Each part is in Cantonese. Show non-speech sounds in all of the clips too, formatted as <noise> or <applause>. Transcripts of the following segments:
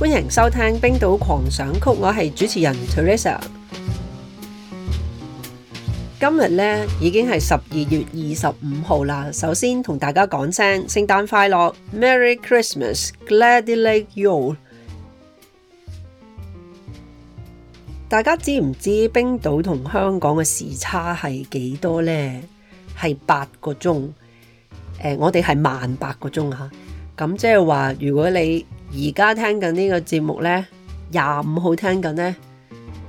歡迎收聽冰島狂想曲，我係主持人 Teresa。今日咧，已經係十二月二十五號啦，首先同大家講聲聖誕快樂，Merry Christmas，Gladly、like、you。大家知唔知冰島同香港嘅時差係幾多呢？係八個鐘。呃，我哋係慢八個鐘吓，咁即係話如果你而家聽緊呢個節目呢，廿五號聽緊呢。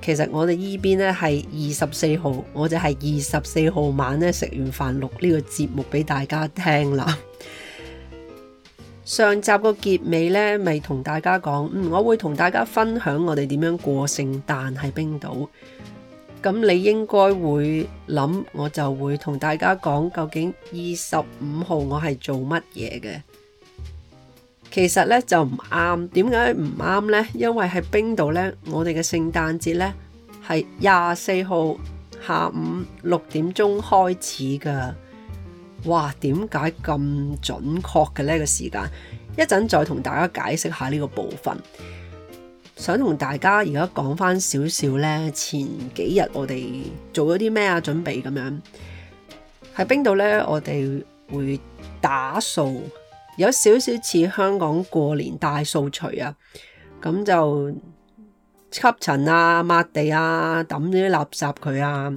其實我哋依邊呢係二十四號，我就係二十四號晚呢食完飯錄呢個節目俾大家聽啦。 <laughs> 上集個結尾呢咪同大家講，嗯，我會同大家分享我哋點樣過聖誕喺冰島。咁你應該會諗，我就會同大家講，究竟二十五號我係做乜嘢嘅？其實咧就唔啱，點解唔啱呢？因為喺冰島呢，我哋嘅聖誕節呢，係廿四號下午六點鐘開始噶。哇，點解咁準確嘅呢？個時間一陣再同大家解釋下呢個部分。想同大家而家講翻少少呢，前幾日我哋做咗啲咩啊？準備咁樣喺冰島呢，我哋會打掃。有少少似香港過年大掃除啊，咁就吸塵啊、抹地啊、抌呢啲垃圾佢啊，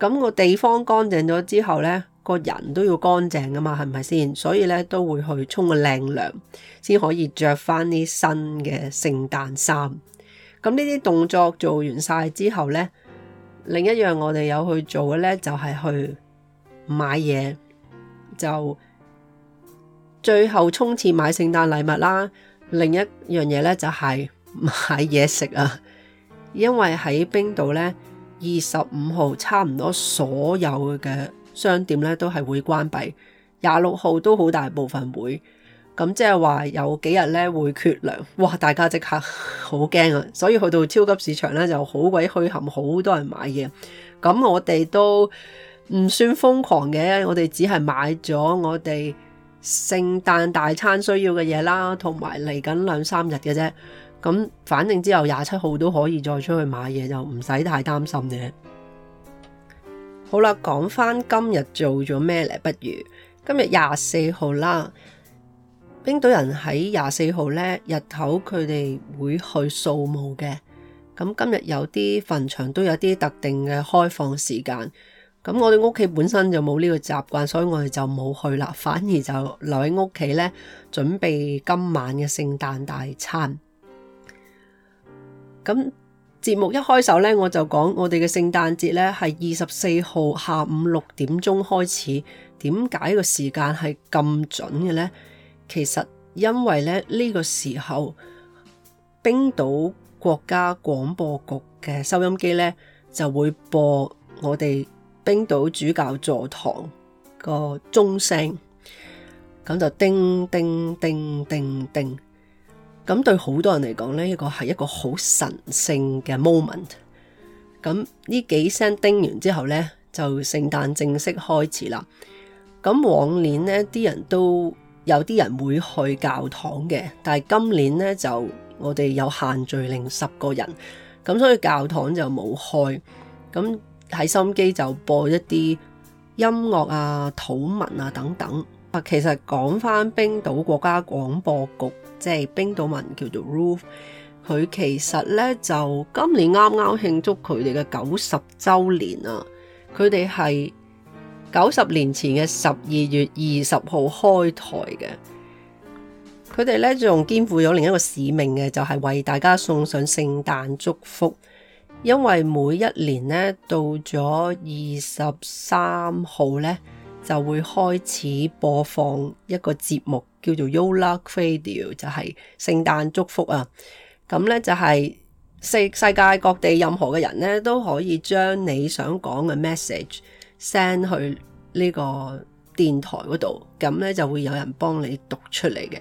咁、那個地方乾淨咗之後呢，個人都要乾淨㗎嘛，係咪先？所以呢，都會去沖個靚涼，先可以着翻啲新嘅聖誕衫。咁呢啲動作做完晒之後呢，另一樣我哋有去做嘅呢，就係去買嘢就。最後衝刺買聖誕禮物啦！另一樣嘢咧就係買嘢食啊！因為喺冰島咧，二十五號差唔多所有嘅商店咧都係會關閉，廿六號都好大部分會，咁即係話有幾日咧會缺糧，哇！大家即刻好驚啊！所以去到超級市場咧就好鬼墟冚，好多人買嘢。咁我哋都唔算瘋狂嘅，我哋只係買咗我哋。聖誕大餐需要嘅嘢啦，同埋嚟緊兩三日嘅啫，咁反正之後廿七號都可以再出去買嘢，就唔使太擔心嘅。好啦，講翻今日做咗咩咧？不如今天24日、廿四號啦，冰島人喺廿四號咧日頭佢哋會去掃墓嘅，咁今日有啲墳場都有啲特定嘅開放時間。咁我哋屋企本身就冇呢個習慣，所以我哋就冇去啦，反而就留喺屋企呢，準備今晚嘅聖誕大餐。咁節目一開首呢，我就講我哋嘅聖誕節呢係二十四號下午六點鐘開始。點解個時間係咁準嘅呢？其實因為咧呢，呢個時候，冰島國家廣播局嘅收音機呢，就會播我哋，冰島主教座堂個鐘聲，咁就叮叮叮叮叮、叮，咁對好多人嚟講呢，呢個係一個好神聖嘅 moment。咁呢幾聲叮完之後呢，就聖誕正式開始啦。咁往年呢啲人都有啲人會去教堂嘅，但係今年呢就我哋有限聚令十個人，咁所以教堂就冇開，咁。喺心機就播一啲音樂啊、土文啊等等啊。其實講翻冰島國家廣播局，即係冰島文叫做 Rúv。佢其實咧就今年啱啱慶祝佢哋嘅九十周年啊。佢哋係九十年前嘅十二月二十號開台嘅。佢哋咧仲肩負咗另一個使命嘅，就係為大家送上聖誕祝福。因為每一年咧，到咗二十三號咧，就會開始播放一個節目，叫做《y o l a c Radio》，就係聖誕祝福啊。咁咧就係、是、世世界各地任何嘅人咧，都可以將你想講嘅 message send 去呢個電台嗰度，咁咧就會有人幫你讀出嚟嘅。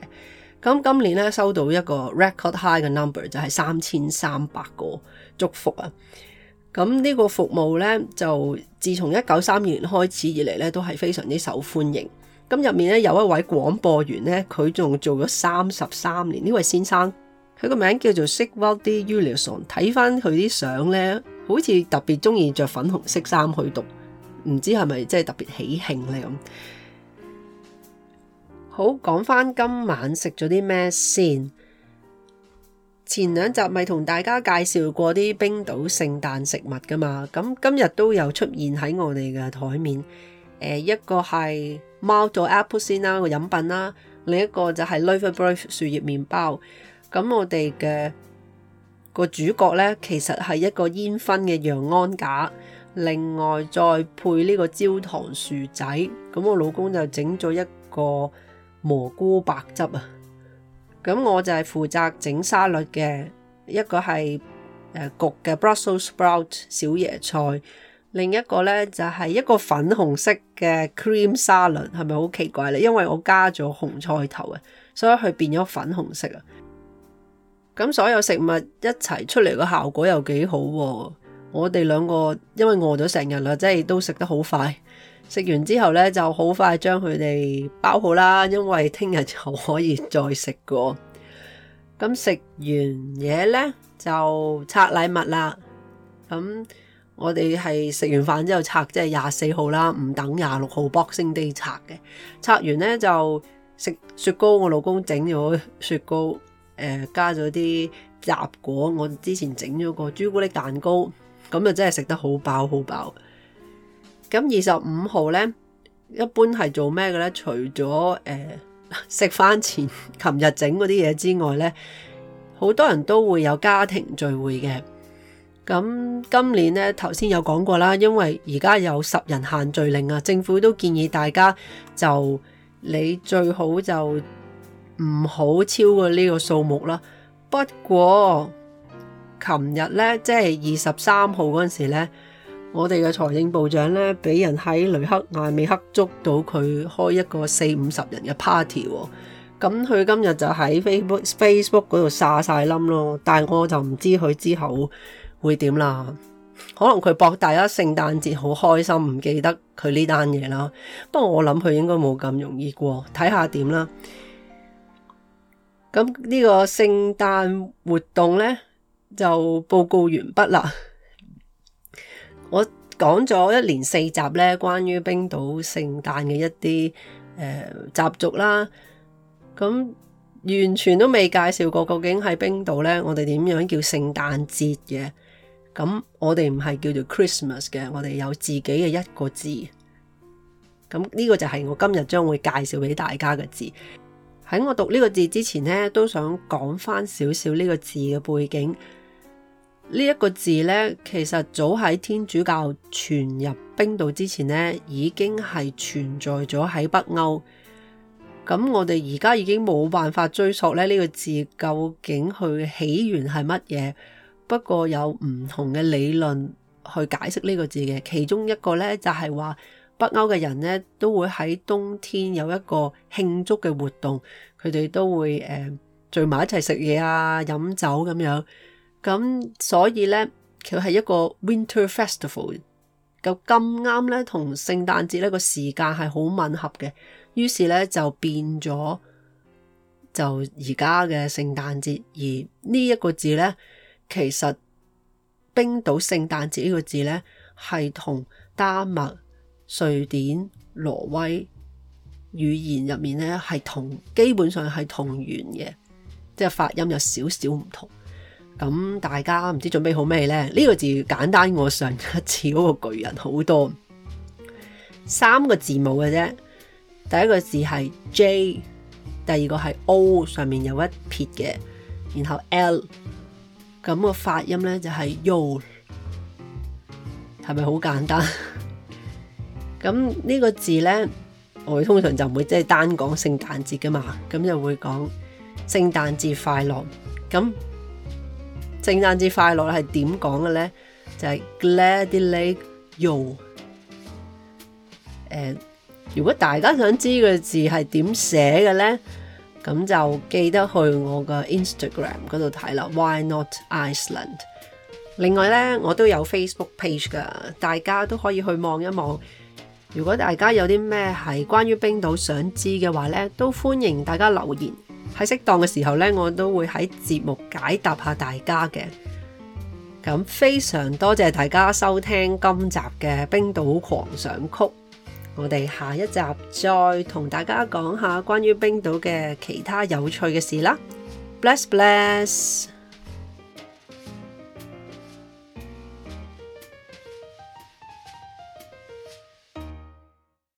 咁今年咧收到一個 record high 嘅 number，就係三千三百個。祝福啊！咁呢個服務呢，就自從一九三二年開始以嚟呢，都係非常之受歡迎。咁入面呢，有一位廣播員呢，佢仲做咗三十三年。呢位先生，佢個名叫做 Sigvalde Ulison，睇翻佢啲相呢，好似特別中意着粉紅色衫去讀，唔知係咪即係特別喜慶呢？咁。好，講翻今晚食咗啲咩先。前兩集咪同大家介紹過啲冰島聖誕食物噶嘛，咁今日都有出現喺我哋嘅台面，呃，一個係貓做 Apple Cinnamon 個飲品啦，另一個就係 Loverbread 樹葉麵包。咁我哋嘅個主角呢，其實係一個煙熏嘅羊安架，另外再配呢個焦糖薯仔。咁我老公就整咗一個蘑菇白汁啊。咁我就係負責整沙律嘅，一個係焗嘅 Brussels Sprout 小椰菜，另一個呢就係、是、一個粉紅色嘅 Cream 沙律，係咪好奇怪呢？因為我加咗紅菜頭，所以佢變咗粉紅色啊。咁所有食物一齊出嚟個效果又幾好、啊。我哋兩個因為餓咗成日啦，即係都食得好快。食完之後咧，就好快將佢哋包好啦，因為聽日就可以再食過。咁食完嘢咧，就拆禮物啦。咁我哋係食完飯之後拆，即係廿四號啦，唔等廿六號 Boxing Day 拆嘅。拆完咧就食雪糕，我老公整咗雪糕，呃、加咗啲雜果。我之前整咗個朱古力蛋糕，咁啊真係食得好飽,飽，好飽。咁二十五號咧，一般係做咩嘅咧？除咗誒食翻前琴日整嗰啲嘢之外咧，好多人都會有家庭聚會嘅。咁今年咧，頭先有講過啦，因為而家有十人限聚令啊，政府都建議大家就你最好就唔好超過呢個數目啦。不過琴日咧，即係二十三號嗰陣時咧。我哋嘅財政部長呢，俾人喺雷克艾美克捉到佢開一個四五十人嘅 party 喎、哦，咁佢今日就喺 Facebook Facebook 嗰度撒晒冧咯，但係我就唔知佢之後會點啦，可能佢博大家聖誕節好開心，唔記得佢呢單嘢啦。不過我諗佢應該冇咁容易過。睇下點啦。咁呢個聖誕活動呢，就報告完畢啦。我講咗一連四集咧，關於冰島聖誕嘅一啲誒、呃、習俗啦，咁完全都未介紹過，究竟喺冰島咧，我哋點樣叫聖誕節嘅？咁我哋唔係叫做 Christmas 嘅，我哋有自己嘅一個字。咁呢個就係我今日將會介紹俾大家嘅字。喺我讀呢個字之前咧，都想講返少少呢個字嘅背景。呢一個字呢，其實早喺天主教傳入冰島之前呢，已經係存在咗喺北歐。咁我哋而家已經冇辦法追溯咧呢、呢個字究竟佢起源係乜嘢。不過有唔同嘅理論去解釋呢個字嘅，其中一個呢，就係、是、話北歐嘅人呢，都會喺冬天有一個慶祝嘅活動，佢哋都會誒、呃、聚埋一齊食嘢啊、飲酒咁樣。咁所以呢，佢係一個 Winter Festival，咁咁啱呢，同聖誕節呢個時間係好吻合嘅。於是呢，就變咗就而家嘅聖誕節。而呢一個字呢，其實冰島聖誕節呢個字呢，係同丹麥、瑞典、挪威語言入面呢係同，基本上係同源嘅，即係發音有少少唔同。咁大家唔知準備好咩呢？呢、呢個字簡單我上一次嗰個巨人好多，三個字母嘅啫。第一個字係 J，第二個係 O，上面有一撇嘅，然後 L。咁個發音呢就係 U，係咪好簡單？咁 <laughs> 呢個字呢，我哋通常就唔會即係、即係、單講聖誕節噶嘛，咁就會講聖誕節快樂咁。聖誕節快樂係點講嘅呢？就係 gladly you。呃，如果大家想知個字係點寫嘅呢，咁就記得去我嘅 Instagram 嗰度睇啦。Why not Iceland？另外呢，我都有 Facebook page 噶，大家都可以去望一望。如果大家有啲咩係關於冰島想知嘅話呢，都歡迎大家留言。喺適當嘅時候呢，我都會喺節目解答下大家嘅。咁非常多謝大家收聽今集嘅冰島狂想曲。我哋下一集再同大家講下關於冰島嘅其他有趣嘅事啦。Bless, bless。